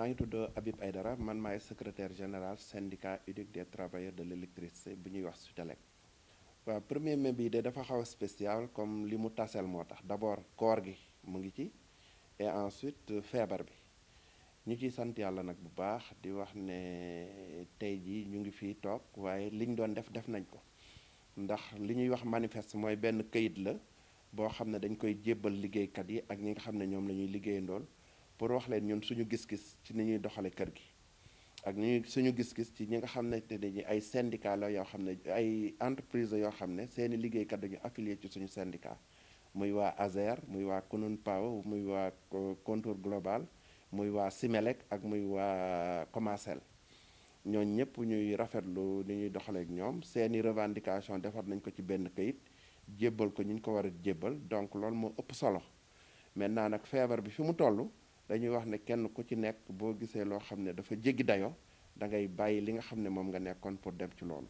maa ngi tudd Habib Aydara man maay secrétaire général syndicat unique des travailleurs de l' électricité bu ñuy wax Sutelec waaw premier mai bii de dafa xaw a spécial comme li mu taseel moo tax d' abord koor gi mu ngi ci et ensuite euh, feebar bi ñu ciy sant yàlla nag bu baax di wax ne tey jii ñu ngi fii toog waaye liñ doon def def nañ ko ndax li ñuy wax manifeste mooy benn këyit la boo xam dañ koy jébbal liggéeykat yi ak ñi nga xam ne ñoom la ñuy pour wax leen ñun suñu gis-gis ci ni ñuy doxale kër gi ak ni suñu gis-gis ci ñi nga xam ne te dañuy ay syndicat la yoo xam ne ay entreprise yoo xam ne seeni liggéeykat dañu affilié ci suñu syndicat muy waa ASER muy waa Kunun Power muy waa Contour Global muy waa Simelec ak muy waa Comasel ñooñ ñëpp ñuy rafetlu ni ñuy doxaleek ñoom seeni revendication defar nañ ko ci benn kayit jébbal ko ñu ko war a jébbal donc loolu moo ëpp solo maintenant nag feebar bi fi mu toll dañuy wax ne kenn ku ci nekk boo gisee loo xam ne dafa jéggi dayo dangay bàyyi li nga xam ne moom nga nekkoon pour dem ci loolu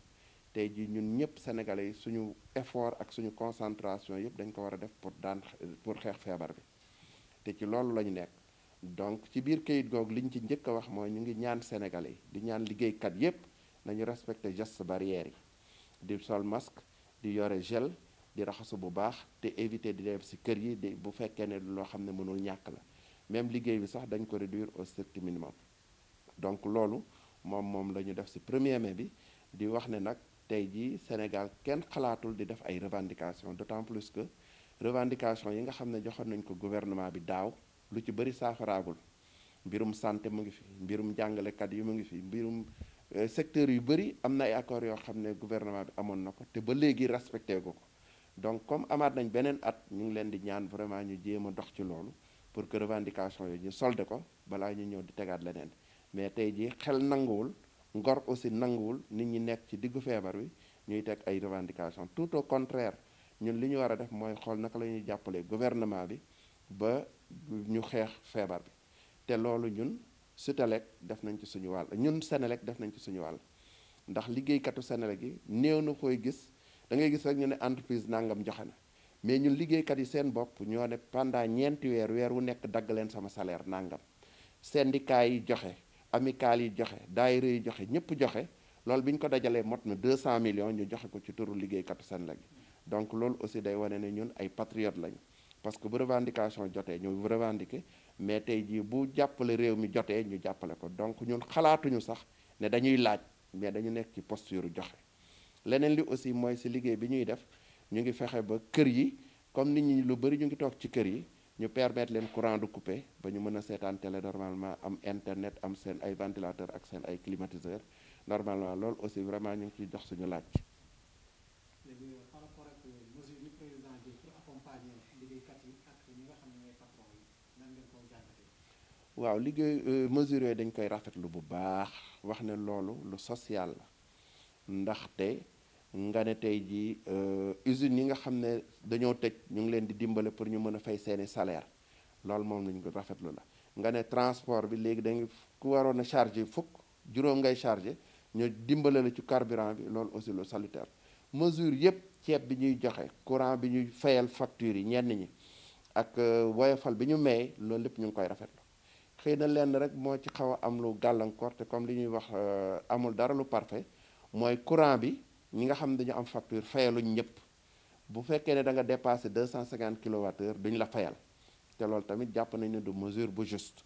tey jii ñun ñëpp sénégalais yi suñu effort ak suñu concentration yëpp dañ ko war a def pour daan pour xeex feebar bi te ci loolu la ñu nekk donc ci biir kayit googu liñ ci njëkk a wax mooy ñu ngi ñaan sénégalais yi di ñaan liggéeykat yëpp nañu respecté gestes barrières yi di sol masque di yore gel di raxasu bu baax te éviter di si kër yi di bu fekkee ne loo xam ne mënul ñàkk la même si bi sax dañ au minimum donc loolu moom moom la def premier mai bi di wax ne Sénégal kenn di revendications d'autant plus que revendications yi nga gouvernement bi daaw lu ci santé mu ngi fi euh, secteur yu accords gouvernement bi respecté donc comme amaat nañ beneen at ñu ngi di ñaan vraiment ñu pour que revendication yooyu ñu solde ko balaa ñu ñëw di tegaat leneen mais tey jii xel nanguwul ngor aussi nanguwul nit ñi nekk ci diggu feebar bi ñuy teg ay revendication tout au contraire ñun li ñu war a def mooy xool naka la ñuy jàppale gouvernement bi ba ñu xeex feebar bi te loolu ñun Sutelec def nañ ci suñu wàll ñun Senelec def nañ ci suñu wàll ndax liggéeykatu Senelec yi néew na koy gis da ngay gis rek ñu ne entreprise nangam joxe na mais ñun liggéeykat yi seen bopp ñoo ne pendant ñeenti weer weer wu nekk dagg leen sama salaire nangam syndicat yi joxe amical yi joxe daayira yi joxe ñëpp joxe loolu bi ñu ko dajalee mot na 200 millions ñu joxe ko ci turu liggéeykatu Senelec donc loolu aussi day wane ne ñun ay patriote lañu parce que bu revendication jotee ñu revendiquer mais tey jii bu jàppale réew mi jotee ñu jàppale ko donc ñun xalaatuñu sax ne dañuy laaj mais dañu nekk ci posture joxe leneen li aussi mooy si liggéey bi ñuy def. ñu ngi fexe ba kër yi comme nit ñi lu bëri ñu ngi toog ci kër yi ñu permettre leen courant du coupé ba ñu mën a télé normalement am internet am seen ay ventilateur ak seen ay climatiseur normalement loolu aussi vraiment ñu ngi ciy jox suñu laaj. Euh, euh, waaw liggéey euh, mesure yooyu dañ koy rafetlu bu baax wax ne loolu lu social la ndaxte. nga ne tey jii euh, usines yi nga xam ne dañoo tëj ñu ngi leen di dimbale pour ñu mën a fay seeni salaire loolu moom ñu ko rafetlu la nga ne transport bi léegi da nga ku waroon a chargé fukk juróom ngay chargé ñu dimbale la ci carburant bi loolu aussi lu salutaire mesure yëpp ceeb bi ñuy joxe courant bi ñuy fayal factures yi ñenn ñi ak euh, woyofal bi ñu may loolu lépp ñu ngi koy rafet xëy na lenn rek moo ci xaw a am lu gàllankoor te comme li ñuy wax euh, amul dara lu parfait mooy courant bi ñi nga xam ne dañu am facture fayaluñ ñëpp bu fekkee ne da nga dépassé 250 kilowattheure duñ la fayal te loolu tamit jàpp nañ ne du mesure bu juste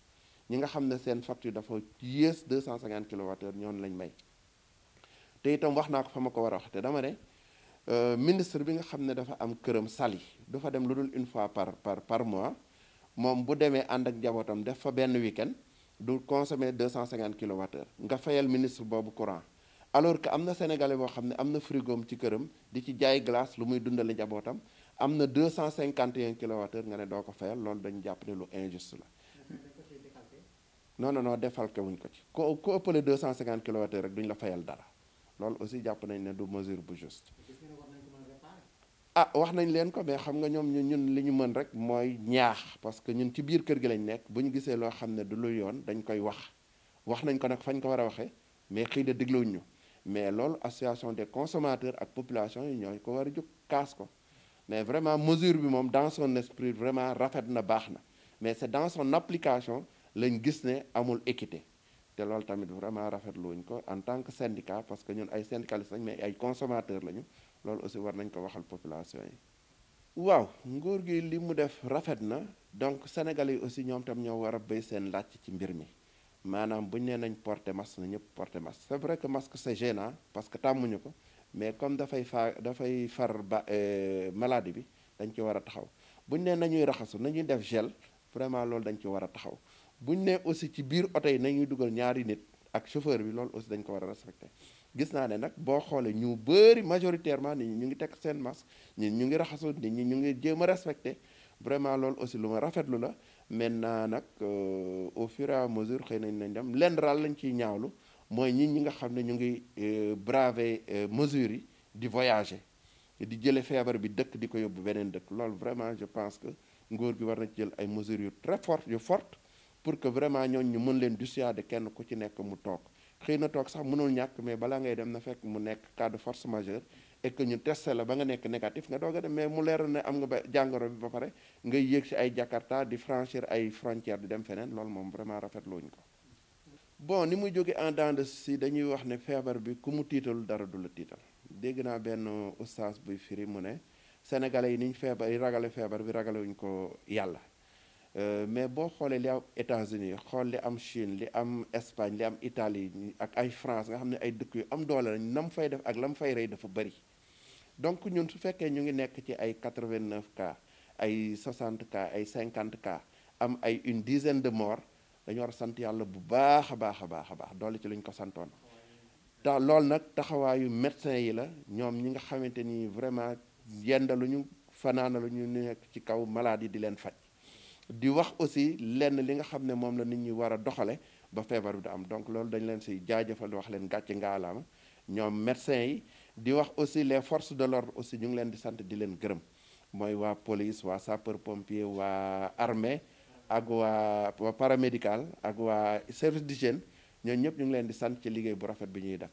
ñi nga xam ne seen facture dafa yées 250 kilowattheure ñoon lañ may te itam wax naa ko fa ma ko war a wax te dama ne euh, ministre bi nga xam ne dafa am këram sali du fa dem lu dul une fois par par par mois moom bu demee ànd ak njabootam def fa benn week-end du consommer 250 kilowattheure nga fayal ministre boobu courant alors que am na sénégalais boo xam ne am na frigoom ci këram di ci jaay glace lu muy dundale jabootam am na 251 kilowattheure nga ne doo ko fayal loolu dañu jàpp ne lu injuste la. non non non defalke wuñ ko ci ko ko ëppale 250 kilowattheure rek duñ la fayal dara loolu aussi jàpp nañ ne du mesure bu juste. ah wax nañ leen ko mais xam nga ñoom ñun li ñu mën rek mooy ñaax parce que ñun ci biir kër gi lañ nekk bu ñu gisee loo xam ne du lu yoon dañ koy wax wax nañ ko nag fañ ko war a waxee mais xëy na dégluwuñ ñu. mais l'association des consommateurs et population la population, ko wara a mais vraiment mesure bi dans son esprit vraiment rafet na baax mais c'est dans son application lañ gis né amul équité té l'ol tamit vraiment rafetlu wuñ ko en tant que syndicat parce que ñun ay syndicalistes syndicats, mais ay consommateurs lañu aussi war nañ ko waxal population Wow. waaw nguur gi li mu def rafet na donc Sénégal aussi ñom tam ñoo wara a sen seen ci mbir mi. maanaam buñ nee nañ porter masque na ñëpp porter masque c'est vrai que masque c'est gênant parce que tàmmuñu ko mais comme dafay faa dafay far ba euh, maladie bi dañ ci war a taxaw buñ nee nañuy raxasu nañuy def gel vraiment loolu dañ ci war a taxaw buñ nee aussi ci biir oto yi nañuy dugal ñaari nit ak chauffeur bi loolu aussi dañ ko war a respecter gis naa ne nag boo xoolee ñu bëri majoritairement nit ñi ñu ngi teg seen masque nit ñu ngi raxasu nit ñi ñu ngi jéem a respecter vraiment loolu aussi lu ma rafetlu la maintenant nag euh, au fur et à mesure xëy nañ nañ dem lenn raal lañ ciy ñaawlu mooy ñi ñi nga xam ne ñu ngi euh, braver euh, mesures yi di voyager di jële feebar bi dëkk di ko yóbbu beneen dëkk lool vraiment je pense que nguur gi war na jël ay mesures yu très fortes yu fort pour que vraiment ñooñ ñu mën leen dissuader kenn ku ci nekk mu toog xëy na toog sax mënul ñàkk mais balaa ngay dem na fekk mu nekk cas de force majeure et que ñu testé la ba nga nekk négatif nga doog a dem mais mu leer ne am nga ba jàngoro bi ba pare ngay yéeg si ay Jakarta di franchir ay frontières di dem feneen loolu moom vraiment rafetlooñu ko. bon ni mu jóge en dents si dañuy wax ne feebar bi ku mu tiital dara du la tiital dégg naa benn ustaas buy firi mu ne sénégalais yi ni ñu feebar yi ragale feebar bi ragalewuñ ko yàlla. Euh, mais boo xoolee li am États-Unis xool li am Chine li am Espagne li am Italie ak ay France nga xam ne ay dëkk yu am doole lañ nam fay def ak lam fay rey dafa bëri. donc ñun su fekkee ñu ngi nekk ci ay 89 cas ay 60 cas ay 50 cas am ay une dizaine de morts dañu war sant yàlla bu baax a baax a baax a baax doole ci lu ñu ko santoon ta loolu nag taxawaayu médecin yi la ñoom ñi nga xamante ni vraiment yendalu ñu fanaana lu ñu nekk ci kaw maladie di leen faj di wax aussi lenn li nga xam ne moom la nit ñi war a doxale ba feebar bi du am donc loolu dañ leen si jaajëfal wax leen gàcc ngaalaama ñoom médecin yi di wax aussi les forces de l'ordre aussi ñu ngi leen di sant di leen gërëm mooy waa police waa sapeur pompier waa armée ak waa waa paramédical ak waa service d'hygiène ñooñu ñëpp ñu ngi leen di sant ci liggéey bu rafet bi ñuy def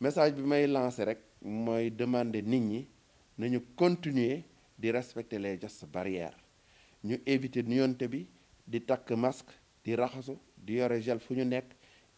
message bi may lancer rek mooy demander nit ñi nañu continuer di respecter les gestes barrières ñu éviter nuyoonte bi di takk masque di raxasu di yore gel fu ñu nekk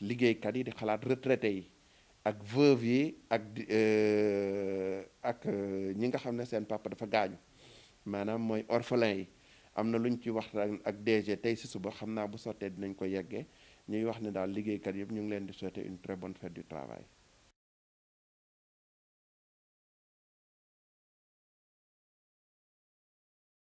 liggéeykat yi di xalaat retraité yi ak veuve yi ak euh, ak euh, ñi nga xam ne seen papa dafa gaañu maanaam mooy orphelin yi am na lu ñu ci waxtaan ak DG tey si suba xam naa bu sottee dinañ ko yeggee ñuy wax ni daal liggéeykat yëpp ñu ngi leen di souhaiter une très bonne fête du travail